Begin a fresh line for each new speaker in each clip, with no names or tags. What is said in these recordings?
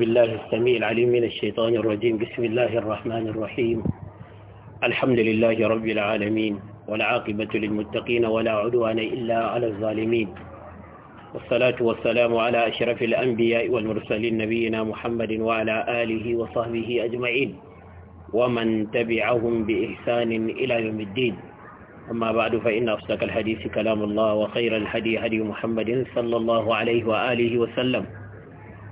بالله السميع العليم من الشيطان الرجيم بسم الله الرحمن الرحيم الحمد لله رب العالمين والعاقبة للمتقين ولا عدوان إلا على الظالمين والصلاة والسلام على أشرف الأنبياء والمرسلين نبينا محمد وعلى آله وصحبه أجمعين ومن تبعهم بإحسان إلى يوم الدين أما بعد فإن أصدق الحديث كلام الله وخير الهدي هدي محمد صلى الله عليه وآله وسلم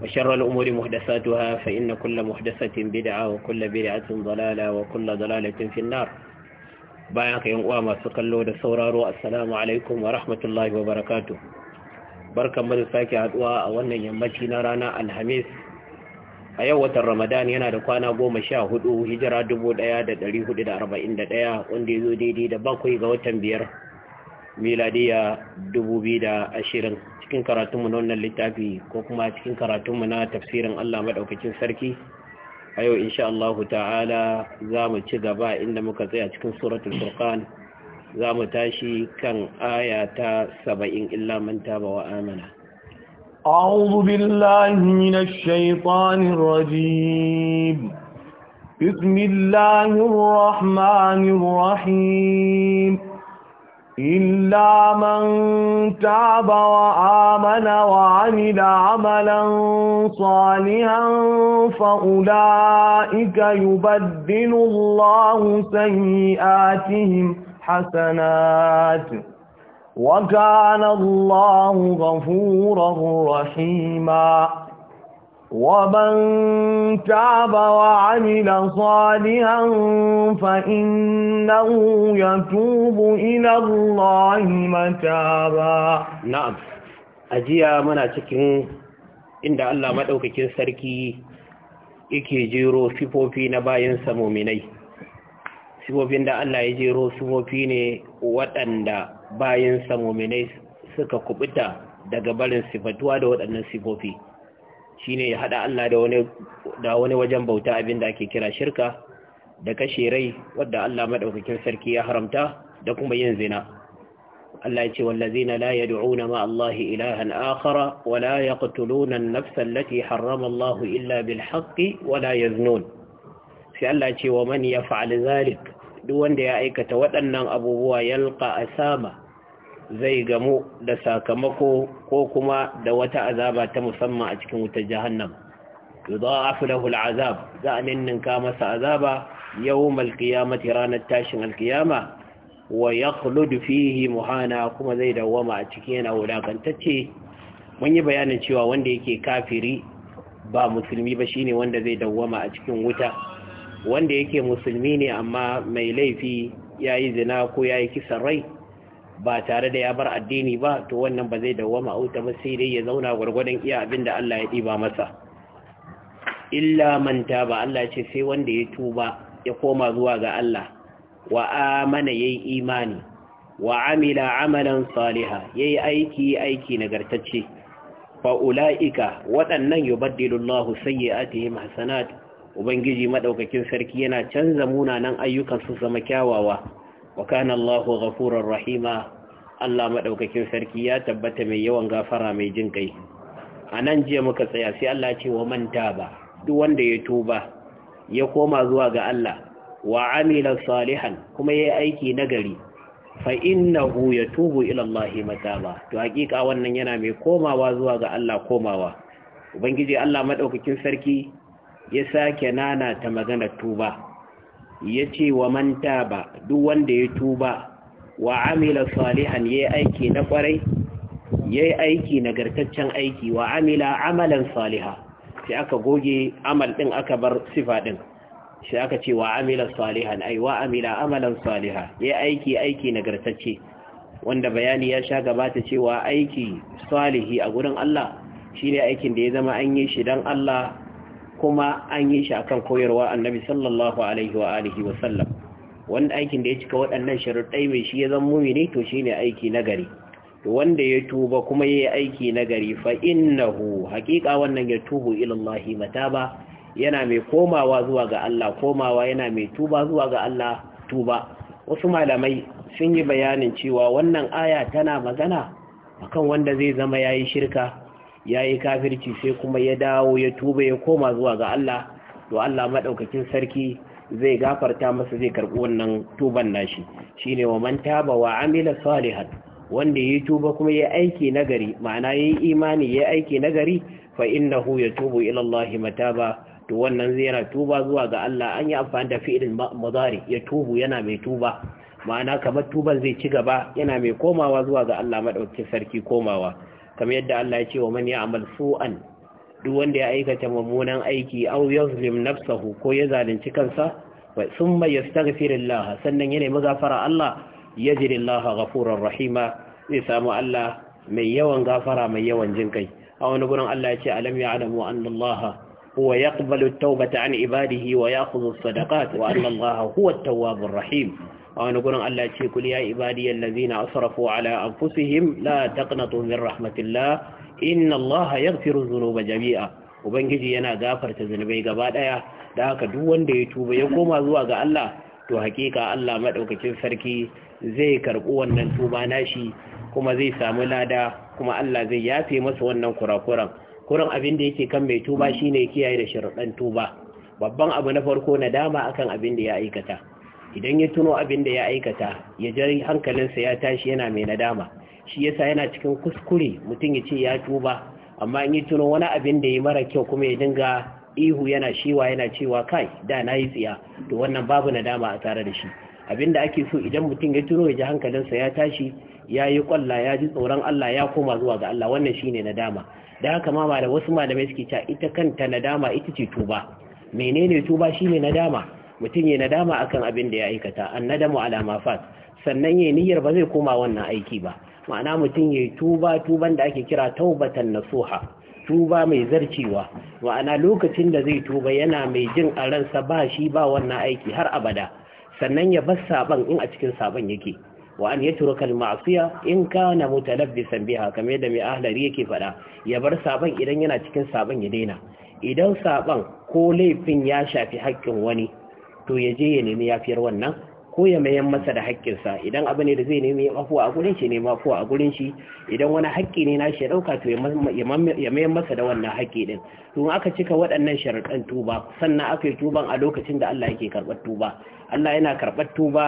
وشر الأمور محدثاتها فإن كل محدثة بدعة وكل بدعة ضلالة وكل ضلالة في النار بايعك ينقوى ما سقلوا دسورارو السلام عليكم ورحمة الله وبركاته بركة مدساكي عدوى أولا يمتي نرانا الحميس a yau watan ramadan yana da kwana goma sha hudu hijira dubu daya da dari hudu da arba'in da daya wanda ya zo daidai da bakwai ga watan biyar miladiya dubu biyu da ashirin cikin karatunmu na wannan littafi ko kuma cikin karatunmu na tafsirin Allah maɗaukacin sarki a yau insha Allahu ta'ala za mu ci gaba inda muka tsaya cikin suratul furqan za mu tashi kan aya ta saba'in illa man taba wa amana
a'udhu billahi minash الشيطان الرجيم bismillahir rahmanir rahim إلا من تاب وآمن وعمل عملا صالحا فأولئك يبدل الله سيئاتهم حسنات وكان الله غفورا رحيما ومن تاب وعمل صالحا فإنه يتوب إلى الله متابا نعم أجيا منا تكين إن الله مدوككين سركي
yake jero sifofi na bayansa muminai sifofin da Allah ya jero sifofi ne waɗanda bayansa muminai suka kubuta daga barin sifatuwa da waɗannan sifofi shine ya hada Allah da wani da wani wajen bauta abinda ake kira shirka da kashe rai wadda Allah madaukakin sarki ya haramta da kuma yin zina Allah ya ce na la yad'una ma Allah ilahan akhara wa la yaqtuluna an-nafsa allati harrama illa bil haqqi wala yaznun sai Allah ya ce wa man yaf'al zalik duk wanda ya aikata waɗannan abubuwa yalqa asama zai gamu da sakamako ko kuma da wata azaba ta musamman a cikin wutar jahannam yudha'afu lahu al'azab za a ninninka masa azaba yawmal qiyamati ranar tashin alqiyama wa yakhlud fihi muhana kuma zai dawwama a cikin yana wulakantacce mun yi bayanin cewa wanda yake kafiri ba musulmi ba shine wanda zai dawwama a cikin wuta wanda yake musulmi ne amma mai laifi yayi zina ko yayi kisan rai ba tare da ya bar addini ba to wannan ba zai dawwama a wuta ba sai dai ya zauna gwargwadon iya abin da Allah ya ɗiba masa illa manta ba Allah ce sai wanda ya tuba ya koma zuwa ga Allah wa amana yayi imani wa amila amalan saliha yayi aiki aiki nagartacce fa ulaika waɗannan yubaddilullahu sayyi'atihim hasanat ubangiji madaukakin sarki yana canza munanan ayyukan su zama kyawawa wa kana Allahu ghafurur rahima Allah madaukakin sarki ya tabbata mai yawan gafara mai jin kai anan jiya muka tsaya sai Allah ce wa man taba duk wanda ya tuba ya koma zuwa ga Allah wa amila salihan kuma yayi aiki nagari fa innahu yatubu ila Allah mataba to hakika wannan yana mai komawa zuwa ga Allah komawa ubangiji Allah madaukakin sarki ya sake nana ta maganar tuba Ya ce wa manta ba duk wanda ya tuba wa amila salihan yayi aiki na kwarai yayi aiki nagartaccen aiki wa amila amalan saliha sai aka goge amal din aka bar sifa din sai aka ce wa amila salihan ai wa amila amalan saliha yayi aiki aiki nagartacce wanda bayani ya sha gabata cewa aiki salihi a gurin Allah Shi ne aikin da ya zama an yi shi dan Allah kuma an yi shi akan koyarwa annabi sallallahu alaihi wa alihi wa sallam wanda aikin da ya cika waɗannan sharuɗai mai shi ya zan ne? to shine aiki nagari to wanda ya tuba kuma yayi aiki nagari fa innahu haqiqa wannan ya tubu ila Allah mataba yana mai komawa zuwa ga Allah komawa yana mai tuba zuwa ga Allah tuba wasu malamai sun yi bayanin cewa wannan aya tana magana akan wanda zai zama yayi shirka ya yi kafirci sai kuma ya dawo ya tuba ya koma zuwa ga Allah to Allah maɗaukakin sarki zai gafarta masa zai karɓi wannan tuban nashi shine wa man taba wa amila salihan wanda yayi tuba kuma ya aiki nagari ma'ana yayi imani ya aiki nagari fa innahu yatubu ila Allah mataba to wannan zai yana tuba zuwa ga Allah an yi amfani da fi'ilin mudari ya tubu yana mai tuba ma'ana kamar tuban zai ci gaba yana mai komawa zuwa ga Allah madaukakin sarki komawa kamar yadda Allah ya ce wa man ya'mal su'an duk wanda ya aikata mummunan aiki aw yuzlim nafsahu ko ya zalunci kansa wa thumma yastaghfirullah sannan yana magafara Allah yajrillaha ghafurur rahima zai samu Allah mai yawan gafara mai yawan jinkai a wani gurin Allah ya ce alam ya'lamu anna Allah huwa yaqbalu at-taubata an ibadihi wa ya'khudhu as-sadaqat wa Allah huwa at-tawwabur rahim a wani gurin Allah ce kuli ya ibadiyal ladina asrafu ala anfusihim la taqnatu min rahmatillah inna Allah yaghfiru dhunuba jami'a ubangiji yana gafarta zunubai gaba ɗaya. da haka duk wanda ya tuba ya koma zuwa ga Allah to hakika Allah maɗaukacin sarki zai karɓi wannan tuba nashi kuma zai samu lada kuma Allah zai yafe masa wannan kurakuran kuran abin da yake kan mai tuba shine kiyaye da ɗan tuba babban abu na farko na dama akan abin da ya aikata idan ya tuno abin da ya aikata ya jari hankalinsa ya tashi yana mai nadama shi yasa yana cikin kuskure mutum ya ce ya tuba amma in ya tuno wani abin da ya mara kyau kuma ya dinga ihu yana shiwa yana cewa kai da na yi tsiya to wannan babu nadama a tare da shi abin da ake so idan mutum ya tuno ya ji hankalinsa ya tashi ya yi kwalla ya ji tsoron Allah ya koma zuwa ga Allah wannan shine nadama da haka ma da wasu malamai suke cewa ita kanta nadama ita ce tuba menene tuba shi shine nadama mutum ya nadama akan abin da ya aikata an nadamu alama fat sannan ya niyyar ba zai koma wannan aiki ba ma'ana mutum ya tuba tuban da ake kira taubatan nasuha tuba mai zarcewa ma'ana lokacin da zai tuba yana mai jin a ransa ba shi ba wannan aiki har abada sannan ya bar saban in a cikin saban yake wa an yatruka al-ma'siya in kana mutalabbisan biha kamar yadda mai ahlari yake fada ya bar saban idan yana cikin saban ya daina idan saban ko laifin ya shafi haƙƙin wani to ya je ya nemi yafiyar wannan ko ya mayan masa da haƙƙinsa idan abu ne da zai nemi mafuwa a gurin shi ne mafuwa a gurin shi idan wani haƙƙi ne nashi ya ɗauka to ya mayan masa da wannan haƙƙi ɗin to aka cika waɗannan sharaɗan tuba sannan aka yi tuban a lokacin da Allah yake karɓar tuba Allah yana karɓar tuba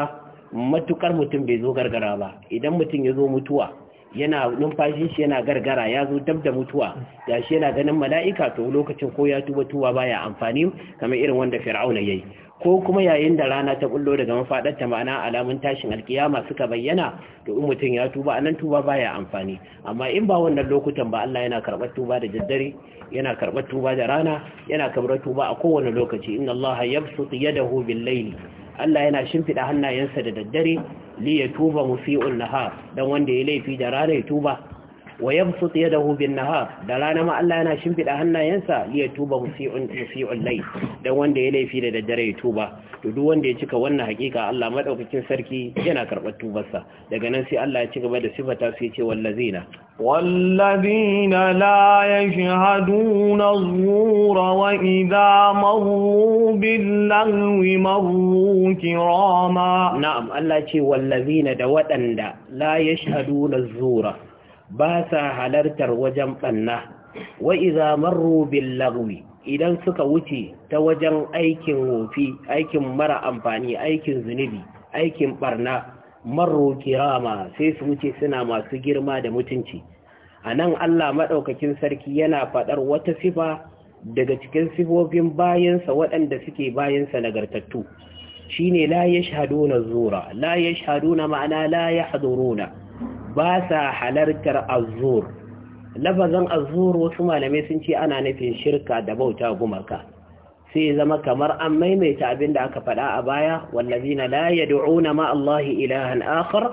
matukar mutum bai zo gargara ba idan mutum ya zo mutuwa yana numfashin shi yana gargara ya zo dab da mutuwa gashi yana ganin mala'ika to lokacin ko ya tuba tuba baya amfani kamar irin wanda fir'auna yayi ko kuma yayin da rana ta bullo daga mafaɗarta ma'ana alamun tashin alkiyama suka bayyana to in mutum ya tuba anan tuba baya amfani amma in ba wannan lokutan ba Allah yana karɓar tuba da daddare yana karɓar tuba da rana yana karɓar tuba a kowane lokaci inna Allah yabsutu yadahu bil layli Allah yana shimfida hannayensa da daddare li yatuba musii'un nahar dan wanda ya laifi da rana ya tuba wa yabsut yadahu bin nahar da rana ma Allah yana shimfida hannayensa li yatuba musii'un musii'ul layl dan wanda ya laifi da daddare ya tuba to duk wanda ya cika wannan hakika Allah madaukakin sarki yana karbar tubarsa daga nan sai Allah ya ci gaba da sifata sai ya ce wallazina
wallazina la yashhaduna az-zura wa idha marru bil-lahwi na'am
Allah ce wallazina da wadanda la yashhaduna az-zura ba sa halartar wajen ɓanna wa iza marru bil lagwi idan suka wuce ta wajen aikin wofi aikin mara amfani aikin zunubi aikin ɓarna marru kirama sai su wuce suna masu girma da mutunci a nan Allah maɗaukakin sarki yana faɗar wata sifa daga cikin sifofin bayansa waɗanda suke bayansa nagartattu shine la na zura la na ma'ana la yahduruna ba sa halartar azur lafazan azur wasu malamai sun ce ana nufin shirka da bauta gumaka sai zama kamar an maimaita abin da aka faɗa a baya wallazina da yad'una ma Allahi ilahan akhar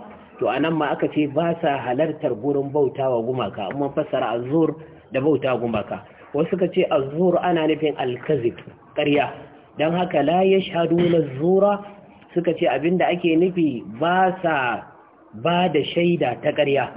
to anan ma aka ce ba sa halartar gurin bauta wa gumaka amma fassara azur da bauta gumaka wasu ka ce azur ana nufin alkazib ƙarya don haka la yashhaduna zura suka ce abinda ake nufi ba sa ba da shaida ta ƙarya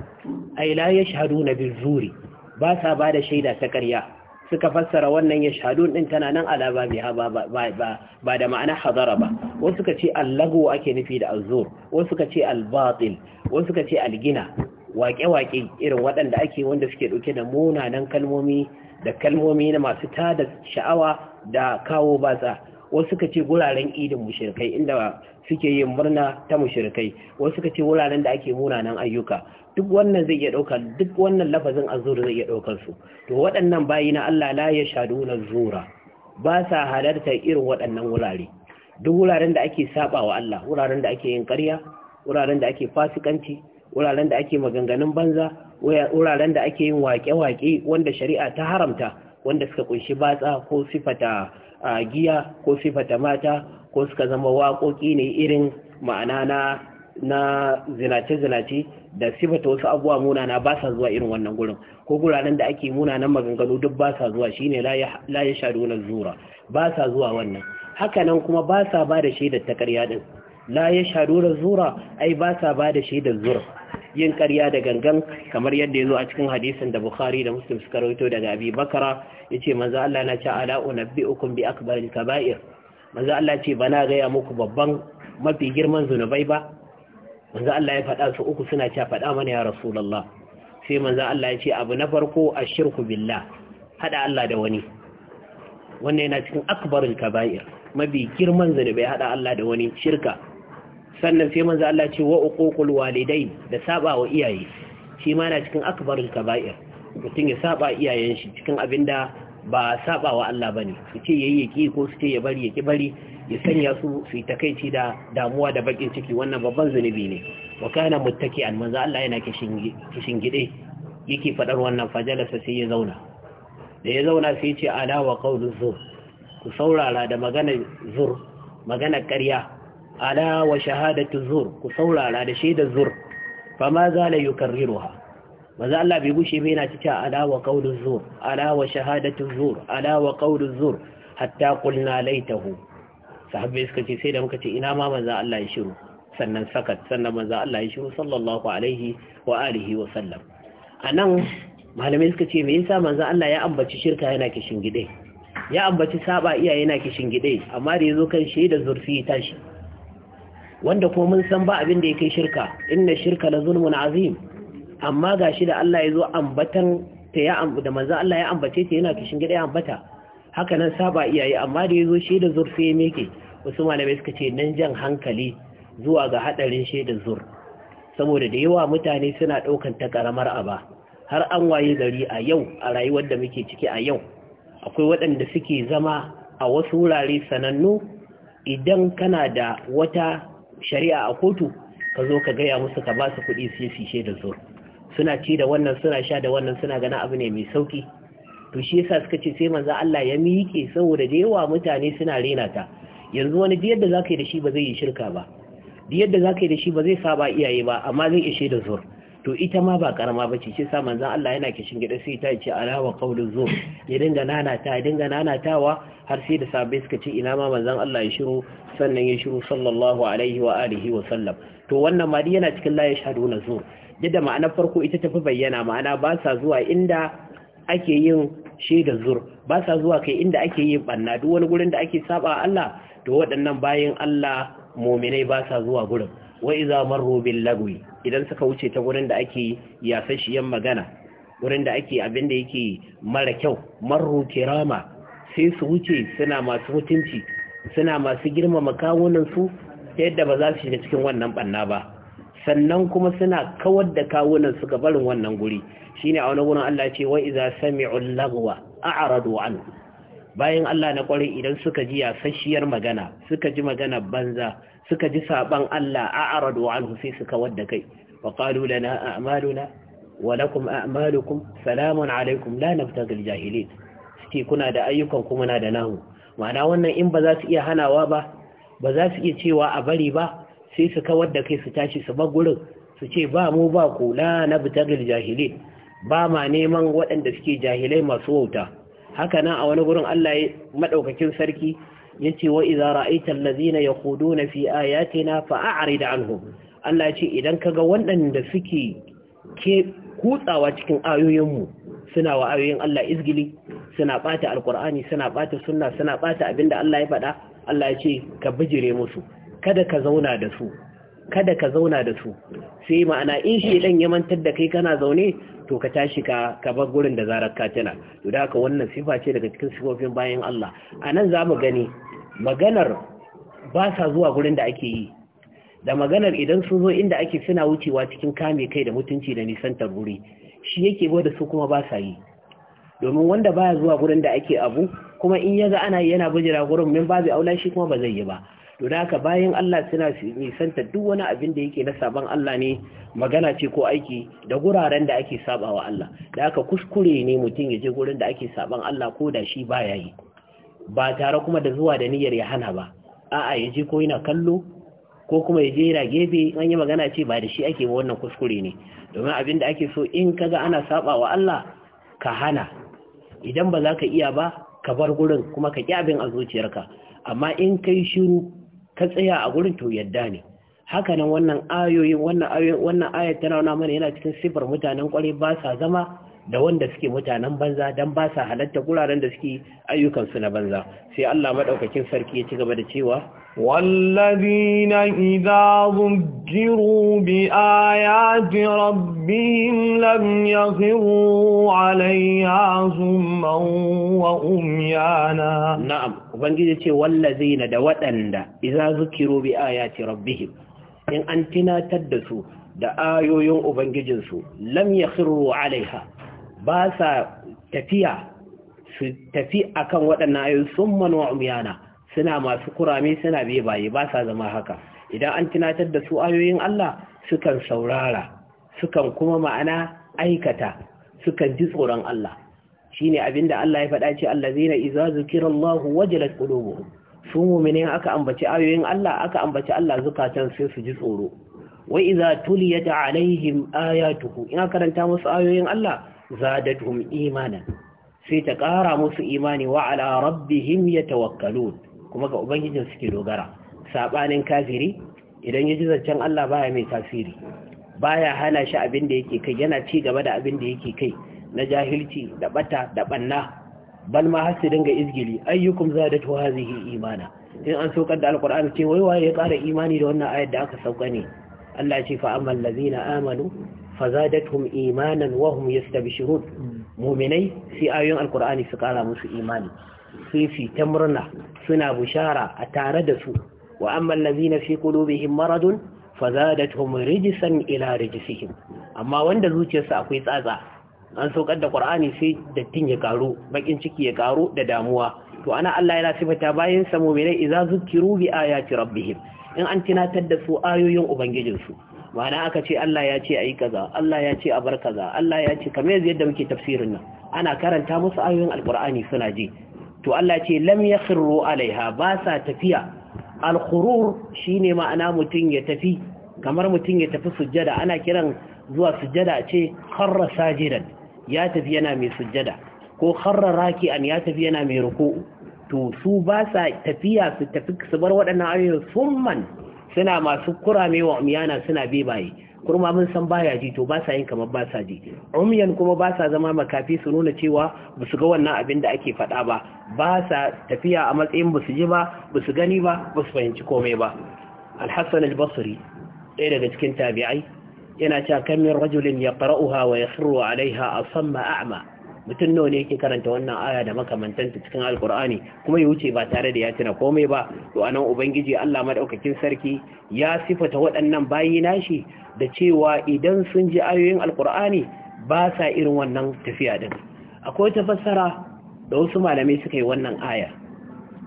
Aila ya shahadu na bizuri ba sa ba da shaida ta ƙarya suka fassara wannan shahadu din tana nan ala ba ba da ma'ana hadara ba wasu suka ce allago ake nufi da azur, wasu suka ce albatil wasu suka ce algina waƙe-waƙe irin waɗanda ake wanda suke ɗauke da munanan kalmomi da kalmomi na masu tada sha'awa da kawo batsa wasu suka ce guraren idin mushrikai inda suke yin murna ta mushrikai wasu suka ce wuraren da ake munanan ayyuka duk wannan zai iya daukar duk wannan lafazin azur zai iya daukar su to waɗannan bayi na Allah la na zura ba sa halarta irin waɗannan wurare duk wuraren da ake sabawa Allah wuraren da ake yin ƙarya wuraren da ake fasikanci wuraren da ake maganganun banza wuraren da ake yin waƙe-waƙe wanda shari'a ta haramta wanda suka kunshi batsa ko sifata a giya ko sifata mata ko suka zama waƙoƙi ne irin ma'ana na zinace-zinace da sifata wasu abuwa munana ba sa zuwa irin wannan gurin ko guraren da ake munanan maganganu duk ba sa zuwa shine la ya na zura ba sa zuwa wannan hakanan kuma ba sa ba da shaidar ta ƙarya din la ya shaɗu na zura ai ba sa ba da shaidar zura yin ƙarya da gangan kamar yadda ya zo a cikin hadisin da bukhari da muslim suka rawaito daga abi bakara ya ce manzo Allah na ce ala unabbi'ukum bi akbaril kaba'ir manzo Allah ce bana gaya muku babban mafi girman zunubai ba manzo Allah ya faɗa su uku suna cewa faɗa mana ya rasulullah sai manzo Allah ya ce abu na farko ashirku billah hada Allah da wani wannan yana cikin akbaril kaba'ir mafi girman zunubai hada Allah da wani shirka sannan sai manzo Allah ce wa uququl walidain da saba wa iyaye shi ma na cikin akbarul kaba'ir mutum ya saba iyayen shi cikin abinda ba saba wa Allah bane su ce yayi yaki ko su ce ya bari yaki bari ya sanya su su yi takaici da damuwa da bakin ciki wannan babban zunubi ne wa kana muttaki'an manzo Allah yana kishin gide yake fadar wannan fajalasa sai ya zauna da ya zauna sai ya ce ala wa qawlu zur ku saurara da maganar zur maganar ƙarya ala wa shahadatu zur ku saurara da shaidar zur fa ma za la yukarriruha Maza Allah bai gushe ba yana cewa ala wa qawlu zur ala wa shahadatu zur ala wa qawlu zur hatta qulna laitahu sahabbai suka ce sai da muka ce ina ma maza Allah ya shiru sannan sakat sannan maza Allah ya shiru sallallahu alaihi wa alihi wa sallam anan malamai suka ce me yasa manzo Allah ya ambaci shirka yana kishin gide ya ambaci saba iyaye yana kishin gide amma da yazo kan shaida zurfi tashi wanda ko mun san ba abin da ya kai shirka inna shirka la zulmun azim amma gashi da Allah yazo ambatan ta ya ambu da manzo Allah ya ambace ta yana kishin gida ya ambata haka nan saba iyaye amma da yazo zo shi da zurfi meke wasu malamai suka ce nan jan hankali zuwa ga hadarin shi da zur saboda da yawa mutane suna daukan ta karamar aba har an waye gari a yau a rayuwar da muke ciki a yau akwai waɗanda suke zama a wasu wurare sanannu idan kana da wata shari'a a kotu ka zo ka gaya musu ka ba su kuɗi su yi da zuwa suna ci da wannan suna sha da wannan suna gana abu ne mai sauki to shi yasa suka ce sai manzo Allah ya miƙe saboda da yawa mutane suna rena ta yanzu wani da yadda zaka yi da shi ba zai yi shirka ba da yadda zaka yi da shi ba zai saba iyaye ba amma zai ishe da zuwa to ita ma ba karama ba ce shi sa manzan Allah yana kishin gida sai ta ce alawa qaulul zu ya dinga nanata ya dinga wa? har sai da sabai suka ce ina ma manzan Allah ya shiru sannan ya shiru sallallahu alaihi wa alihi wa sallam to wannan ma yana cikin la na zur yadda ma'ana farko ita ta fi bayyana ma'ana ba sa zuwa inda ake yin shaidar zur ba sa zuwa kai inda ake yin banna duk wani gurin da ake saba Allah to waɗannan bayin Allah muminai ba sa zuwa gurin wa iza marru bil lagwi idan suka wuce ta gurin da ake yasashiyan magana gurin da ake abin da yake mara kyau marru kirama sai su wuce suna masu mutunci suna masu girmama kawunan su yadda ba za su shiga cikin wannan banna ba sannan kuma suna kawar da kawunan su ga barin wannan guri shine a wani gurin Allah ce wa iza sami'u lagwa a'radu anhu bayan Allah na kwarai idan suka ji yasasshiyar magana suka ji magana banza suka ji saban Allah a aradu anhu sai suka wadda kai wa qalu lana a'maluna wa lakum a'malukum salamun alaikum la nabtaghil jahilin suke kuna da ayyukan kuma na da nahu ma'ana wannan in ba za su iya hanawa ba ba za su iya cewa a bari ba sai su kawar da kai su tashi su bar gurin su ce ba mu ba ku la nabtaghil jahilin ba ma neman waɗanda suke jahilai masu wauta haka nan a wani gurin Allah ya madaukakin sarki yace wa idza ra'aita allazina yakhuduna fi ayatina da anhum Allah ya ce idan kaga waɗanda suke ke kutsawa cikin ayoyinmu suna wa ayoyin Allah izgili suna bata alkur'ani suna bata sunna suna bata abinda Allah ya faɗa Allah ya ce ka bijire musu kada ka zauna da su kada ka zauna da su sai ma'ana in shedan ya mantar da kai kana zaune to ka tashi ka ka bar gurin da zarar ka tana to da haka wannan sifa ce daga cikin sifofin bayan Allah anan zamu gani maganar ba sa zuwa gurin da ake yi da maganar idan sun zo inda ake suna wucewa cikin kame kai da mutunci da nisantar guri shi yake da su kuma ba sa yi domin wanda baya zuwa gurin da ake abu kuma in yaga ana yana bijira gurin min babu aula shi kuma ba zai yi ba to haka bayan Allah suna nisanta duk wani abin da yake na sabon Allah ne magana ce ko aiki da guraren da ake sabawa Allah da haka kuskure ne mutum ya je gurin da ake sabon Allah ko da shi baya yi ba tare kuma da zuwa da niyyar ya hana ba a'a ya je ko yana kallo ko kuma ya je yana gefe an yi magana ce ba da shi ake ba wannan kuskure ne domin abin da ake so in kaga ana sabawa Allah ka hana idan ba za ka iya ba ka bar gurin kuma ka ƙi abin a zuciyarka amma in kai shiru ta tsaya a gurin to yadda ne haka nan wannan ayoyi wannan ayat tana nuna mana yana cikin sifar mutanen kwarai ba sa zama da wanda suke mutanen banza dan ba sa halatta guraren da suke ayyukan su na banza
sai Allah madaukakin sarki ya ci gaba da cewa والذين إذا ذكروا بآيات ربهم لم يخروا عليها ثما وأميانا نعم
ubangiji ce wallazina da waɗanda idza zukiru bi ayati rabbihim in an tinatar da su da ayoyin ubangijinsu lam yakhiru alaiha ba sa tafiya su tafi akan waɗannan ayoyi summa wa umyana suna masu kurame suna biye baye ba sa zama haka idan an tunatar da su ayoyin Allah sukan saurara sukan kuma ma'ana aikata sukan ji tsoron Allah shine abinda Allah ya faɗa ce allazina idza zukirallahu wajalat qulubuhum su mu'minin aka ambaci ayoyin Allah aka ambaci Allah zukatan sai su ji tsoro wa idza tuliyat alaihim ayatuhu ina karanta musu ayoyin Allah zadatuhum imanan sai ta ƙara musu imani wa ala rabbihim yatawakkalun kuma ga ubangijin suke dogara sabanin kafiri idan ya ji zancen Allah baya mai tasiri baya hana shi abin da yake kai yana ci gaba da abin da yake kai na jahilci da bata da banna bal ma har su dinga izgili ayyukum zadatu hazihi imana in an saukar da alqur'ani ce wai waye ya ƙara imani da wannan ayar da aka sauka ne Allah ya ce fa ammal ladina amanu fazadatuhum imanan wa hum yastabshirun mu'minai sai ayoyin alqur'ani su ƙara musu imani sai fi ta murna suna bushara a tare da su wa ammal ladina fi qulubihim maradun fazadatuhum rijsan ila rijsihim amma wanda zuciyarsa akwai tsatsa an saukar da ƙwar'ani sai dattin ya ƙaru, baƙin ciki ya ƙaru, da damuwa to ana Allah yana sifata bayan sa mu'minai idza zukiru bi ayati rabbihim in an tinatar da su ayoyin ubangijinsu. su ma'ana aka ce Allah ya ce ayi kaza Allah ya ce a bar kaza Allah ya ce kamar yadda muke tafsirin nan ana karanta musu ayoyin Alƙur'ani suna ji to Allah ce lam yakhru alaiha ba sa tafiya alkhurur shine ma'ana mutun ya tafi kamar mutum ya tafi sujjada ana kiran zuwa sujjada ce kharra sajidan ya tafi yana mai sujjada ko kharra raki'an ya tafi yana mai ruku'u to su ba sa tafiya su tafi su bar waɗannan ayoyin summan suna masu kurame wa umyana suna bebaye kurma mun san baya ji to ba sa yin kamar ba sa ji umyan kuma ba sa zama makafi su nuna cewa ba su ga wannan abin da ake faɗa ba ba sa tafiya a matsayin ba su ji ba ba su gani ba ba su fahimci komai ba alhassan al-basri ɗaya daga cikin tabi'ai yana cewa kan min rajulin yaqra'uha wa yakhiru 'alayha samma a'ma mutum nawa ne yake karanta wannan aya da makamantanta cikin alkur'ani kuma ya wuce ba tare da ya tuna komai ba to anan ubangiji Allah maɗaukakin sarki ya sifata waɗannan bayi nashi da cewa idan sun ji ayoyin alkur'ani ba sa irin wannan tafiya din akwai ta fassara da wasu malamai suka yi wannan aya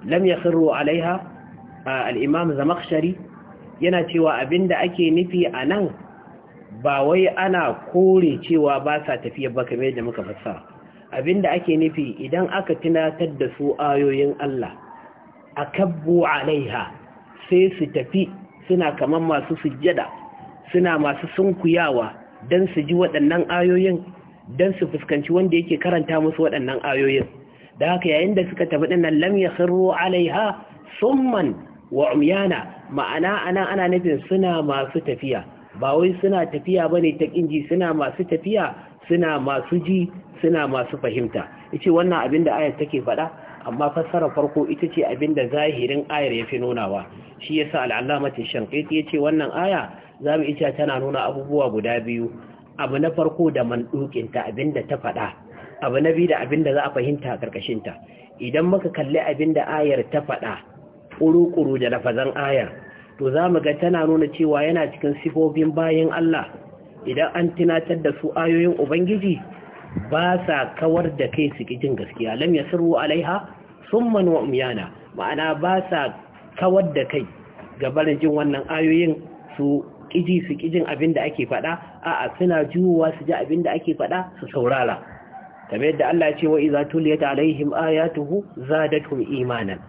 lam yakhiru alaiha al-imam zamakhshari yana cewa abinda ake nufi anan ba wai ana kore cewa ba sa tafiya ba kamar yadda muka Abin da ake nufi idan aka tunatar da su ayoyin Allah akabbu alaiha sai su tafi suna kamar masu sujjada suna masu sunkuyawa dan su ji waɗannan ayoyin dan su fuskanci wanda yake karanta musu waɗannan ayoyin da haka yayin da suka tafi dinnan lam yakhru alaiha summan wa umyana ma'ana ana ana nufin suna masu tafiya ba wai suna tafiya bane ta kinji suna masu tafiya suna masu ji suna masu fahimta yace wannan abin da ayar take faɗa amma fassara farko ita ce abin da zahirin ayar yafi nunawa shi yasa al-allamati shanqiti yace wannan aya zamu ita tana nuna abubuwa guda biyu abu na farko da mandukinta ta abin da ta faɗa abu na biyu da abin da za a fahimta a karkashin ta idan muka kalli abin da ayar ta faɗa kuru-kuru da lafazan ayar to za mu ga tana nuna cewa yana cikin sifofin bayan Allah idan an tunatar da su ayoyin Ubangiji ba sa kawar da kai su kijin gaskiya lam yasru alaiha summan wa umyana ma'ana ba sa kawar da kai ga barin jin wannan ayoyin su kiji su kijin abin da ake faɗa a'a suna juwa su ji abin da ake faɗa su saurara kamar yadda Allah ya ce wa iza tuliyat alaihim ayatuhu zadatuhum imanan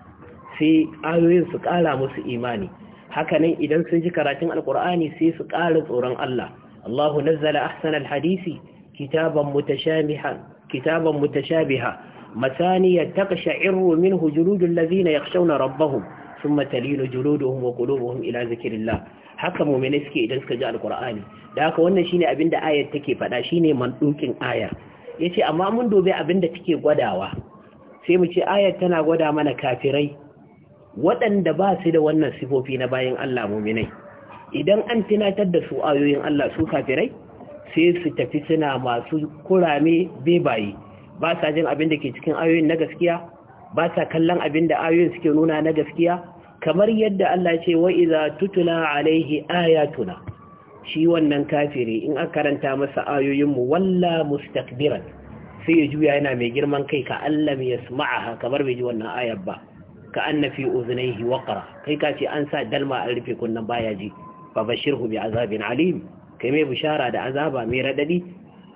sai ayoyin su kara musu imani hakanan idan sun ji karatun alkur'ani sai su ƙara tsoron Allah Allahu nazzala ahsanal hadisi kitaban mutashabiha kitaban mutashabiha masani yattaqsha'iru minhu juludul ladhina yakhshawna rabbahum thumma talinu juluduhum wa qulubuhum ila zikrillah haka mu'mini suke idan suka ji alkur'ani da haka wannan shine abinda ayar take faɗa shine mandukin ayar yace amma mun dobe abinda take gwadawa sai mu ce ayar tana gwada mana kafirai waɗanda ba su da wannan sifofi na bayan Allah muminai idan an tinatar da su ayoyin Allah su kafirai sai su tafi suna masu kurame bebaye ba sa jin abin da ke cikin ayoyin na gaskiya ba sa kallon abin da ayoyin suke nuna na gaskiya kamar yadda Allah ce wa iza tutula alaihi ayatuna shi wannan kafiri in aka karanta masa ayoyinmu walla mustakbiran sai ya juya yana mai girman kai ka Allah ya sama'aha kamar bai ji wannan ayar ba ka anna fi uzunaihi waqra kai ka ce an sa dalma an rufe kunnan baya ji fa bashirhu bi azabin alim kai mai bishara da azaba mai raɗaɗi.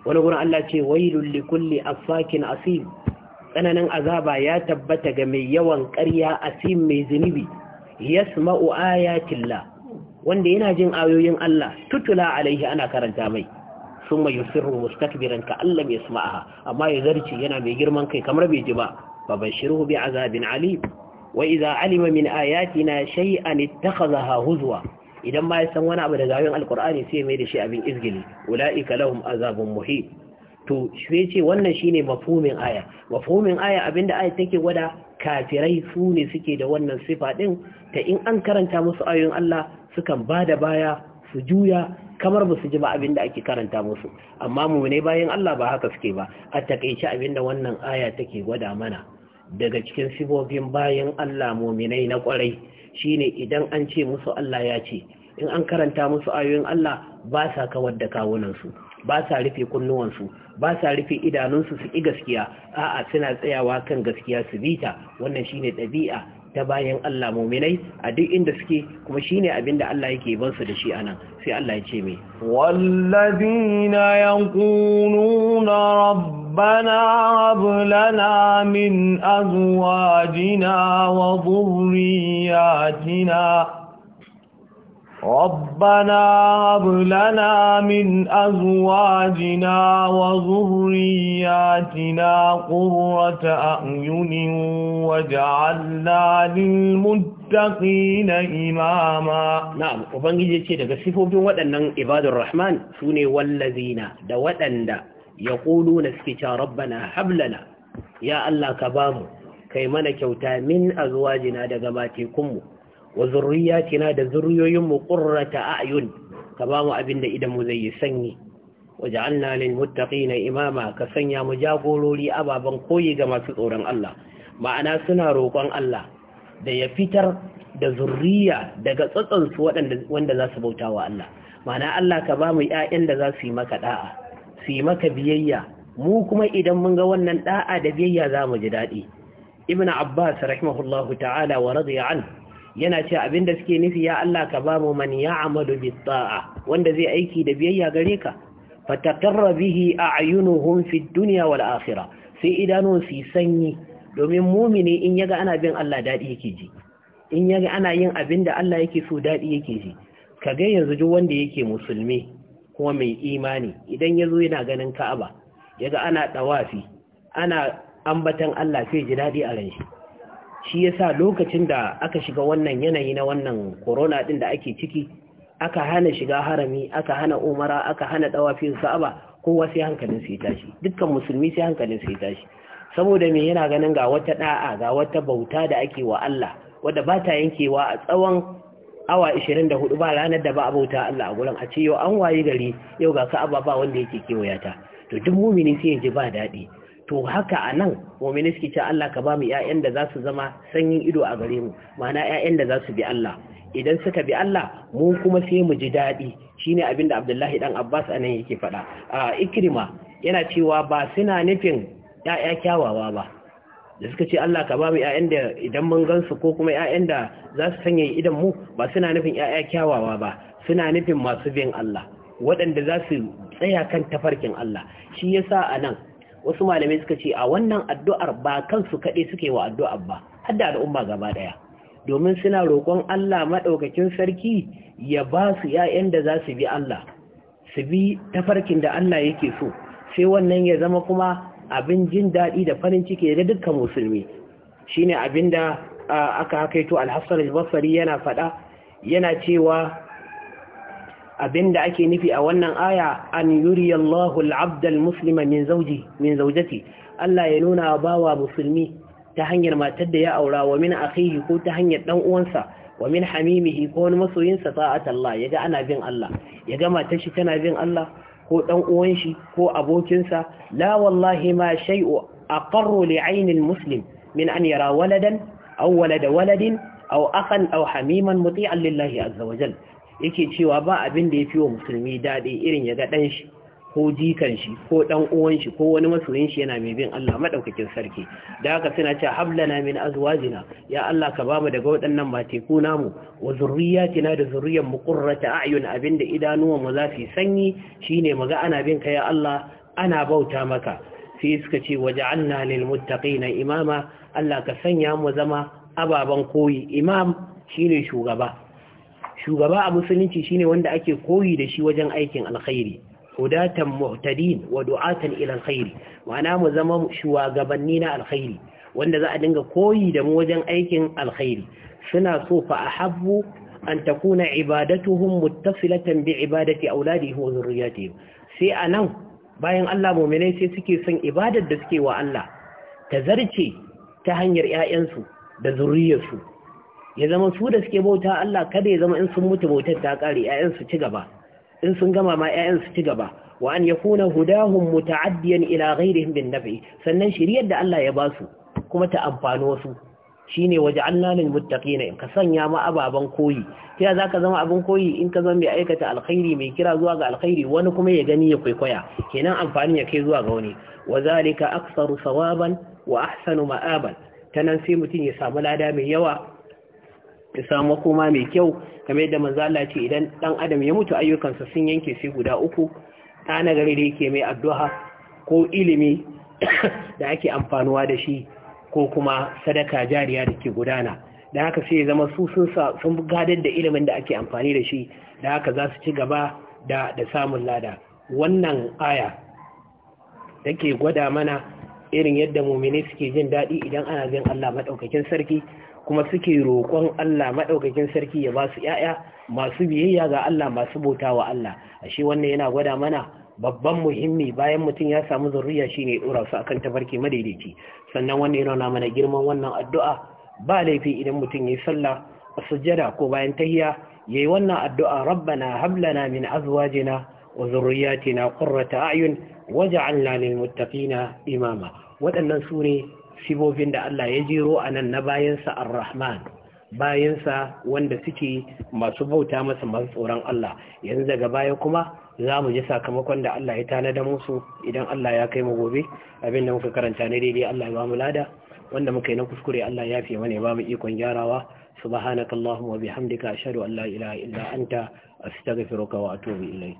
wani gurin Allah ce wailul li kulli afakin asim tsananin azaba ya tabbata ga mai yawan ƙarya asim mai zunubi yasma'u ayatilla wanda yana jin ayoyin Allah tutula alaihi ana karanta mai sun mai yusirru mustakbiran ka Allah mai yasma'aha amma ya zarci yana mai girman kai kamar bai ji ba babashiru bi azabin alim wa idza alima min ayatina shay'an ittakhadhaha huzwa idan ma ya san wani abu daga ayoyin alqur'ani sai mai da shi abin izgili ulaika lahum azabun muhin to shi ce wannan shine mafhumin aya mafhumin aya abinda aya take gwada kafirai su ne suke da wannan sifa din ta in an karanta musu ayoyin Allah sukan bada baya su juya kamar ba su ji ba abinda ake karanta musu amma mu ne bayan Allah ba haka suke ba a takeice abinda wannan aya take gwada mana daga cikin sifofin bayan Allah muminai na kwarai shine idan an ce musu Allah ya ce in an karanta musu ayoyin Allah ba sa kawar da kawunansu ba sa rufe kunnuwansu ba sa rufe idanunsu su ƙi gaskiya a'a suna tsayawa kan gaskiya su bita wannan shine ɗabi'a ta bayan Allah muminai a duk inda suke kuma shine ne abinda Allah yake ban su da shi anan
sai Allah ya ce me wallazina yaquluna rabbana hab min azuwa jina wa buriya jina. ربنا هب لنا من أزواجنا وذرياتنا قرة أعين وجعلنا للمتقين إماما نعم وبنجي ce daga
sifofin waɗannan ibadur rahman sune wallazina da waɗanda yaquluna suke cewa rabbana hab ya Allah ka bamu kai mana kyauta min azwajina daga matekunmu wa zurriyatina da mu qurrata a'yun ka ba mu abin da idan mu zai yi sanyi waj'alna lil muttaqina imama ka sanya mu jagorori ababan koyi ga masu tsoron Allah ma'ana suna roƙon Allah da ya fitar da zurriya daga tsatsan su wanda za su bauta wa Allah ma'ana Allah ka ba mu ƴaƴan da za su yi maka da'a su yi maka biyayya mu kuma idan mun ga wannan da'a da biyayya za mu ji daɗi ibnu abbas rahimahullahu ta'ala wa radiya anhu yana ce abinda suke nufi ya Allah ka ba mu man amalu bi ta'a wanda zai aiki da biyayya gare ka fatakarra bihi a'yunuhum fi dunya wal akhirah sai idanun su sanyi domin mumini in yaga ana bin Allah dadi yake ji in yaga ana yin abinda Allah yake so dadi yake ji ka ga yanzu duk wanda yake musulmi kuma mai imani idan yazo yana ganin Ka'aba yaga ana dawafi ana ambatan Allah sai ji dadi a ran shi yasa lokacin da aka shiga wannan yanayi na wannan corona din da ake ciki aka hana shiga harami aka hana umara aka hana dawafin sa'aba kowa sai hankalin sai tashi dukkan musulmi sai hankalin sai tashi saboda me yana ganin ga wata da'a ga wata bauta da ake wa Allah wadda ba ta yankewa a tsawon awa 24 ba ranar da ba a bauta Allah a gurin a ce yau an wayi gari yau ga ka ba wanda yake kewayata to duk mumini sai ya ji ba daɗi to haka a nan mummini suke ce Allah ka ba mu ‘ya'yan da za su zama sanyin ido a gare mu mana ‘ya'yan da za su bi Allah idan suka bi Allah mu kuma sai mu ji daɗi shi ne abinda abdullahi ɗan abbas a nan yake faɗa a Ikirima, yana cewa ba suna nufin ‘ya'ya kyawawa ba da suka ce Allah ka ba mu ‘ya'yan da idan mun gansu ko kuma ‘ya'yan da za su sanya idan mu ba suna nufin ‘ya'ya kyawawa ba suna nufin masu bin Allah waɗanda za su tsaya kan tafarkin Allah shi yasa a nan wasu malamai suka ce a wannan addu'ar ba kansu kaɗai suke wa addu'ar ba har da al'umma gaba ɗaya domin suna roƙon Allah maɗaukakin sarki ya ba su ‘ya'yan da za su bi Allah su bi tafarkin da Allah yake so sai wannan ya zama kuma abin jin daɗi da farin ciki da dukkan musulmi shine abin da aka hakaito alhassan basari yana faɗa yana cewa abinda ake nufi a wannan aya an yuriyallahu al'abdal muslima min zauji min zaujati Allah ya nuna bawa musulmi ta hanyar matar da ya aura wa min akhihi ko ta hanyar dan uwansa wa min hamimihi ko wani masoyinsa ta'at Allah yaga ana bin Allah yaga matar shi tana bin Allah ko dan uwan shi ko abokinsa la wallahi ma shay'u aqarru li al-muslim min an yara waladan aw walada waladin aw akhan aw hamiman muti'an lillahi azza wa jalla yake cewa ba abin da ya fi wa musulmi daɗi irin ya ga ɗan shi ko jikan shi ko ɗan uwan shi ko wani masoyin shi yana mai bin Allah maɗaukakin sarki da haka suna cewa hablana min azwajina ya Allah ka bamu daga waɗannan teku namu wa zurriyatina da zurriyan mu qurrata a'yun da idanuwan mu za su sanyi shine muga ana bin ka ya Allah ana bauta maka sai suka ce waja'alna lil muttaqina imama Allah ka sanya mu zama ababen koyi imam shine shugaba shugaba a musulunci shine wanda ake koyi da shi wajen aikin alkhairi hudatan muhtadin wa du'atan ila alkhairi ma'ana mu zama shugabanni na alkhairi wanda za a dinga koyi da mu wajen aikin alkhairi suna so fa ahabbu an takuna ibadatuhum muttasilatan bi ibadati auladihim wa zurriyatihim sai anan bayan Allah mu'minai sai suke son ibadar da suke wa Allah ta zarce ta hanyar ƴaƴansu da zuriyarsu ya zama su da suke bauta Allah kada ya zama in sun mutu bautar ta kare 'ya'yansu su ci gaba in sun gama ma ƴaƴan su ci gaba wa an kuna hudahun muta'addiyan ila ghairihim bin naf'i sannan shiriyar da Allah ya ba su kuma ta amfani wasu shine waja'alna lil muttaqina ka sanya ma ababan koyi ta zaka zama abin koyi in ka zama mai aikata alkhairi mai kira zuwa ga alkhairi wani kuma ya gani ya kwaikwaya kenan amfani ya kai zuwa ga wani wazalika aksaru sawaban wa ahsanu ma'aban nan sai mutum ya samu lada mai yawa ya samu kuma mai kyau kamar yadda manzo Allah ce idan dan adam ya mutu ayyukansa sun yanke sai guda uku ta na da yake mai addu'a ko ilimi da ake amfanuwa da shi ko kuma sadaka jariya da ke gudana da haka sai ya zama su sun sun gadar da ilimin da ake amfani da shi da haka za su ci gaba da da samun lada wannan aya take gwada mana irin yadda mummini suke jin daɗi idan ana jin Allah maɗaukakin sarki kuma suke roƙon Allah maɗaukakin sarki ya ba su ‘ya'ya masu biyayya ga Allah masu bauta wa Allah ashe wannan yana gwada mana babban muhimmi bayan mutum ya samu zurriya shine ɗora su akan tafarki madaidaici sannan wannan yana mana girman wannan addu'a ba laifi idan mutum ya yi sallah a sujjada ko bayan tahiya yi wannan addu'a rabbana hablana min na, wa zurriyatina qurrata a'yun waja'alna lil muttaqina imama waɗannan sune sibobin da Allah ya jero anan na bayansa ar-rahman bayansa wanda suke masu bauta masa masu tsoron Allah yanzu daga baya kuma za mu ji sakamakon da Allah ya tanada musu idan Allah ya kai mu gobe abin da muka karanta ne daidai Allah ya ba mu lada wanda muka yi na kuskure Allah ya fiye mana ya ba mu ikon gyarawa subhanaka allahumma wa bihamdika ashhadu an la ilaha illa anta astaghfiruka wa atubu ilayk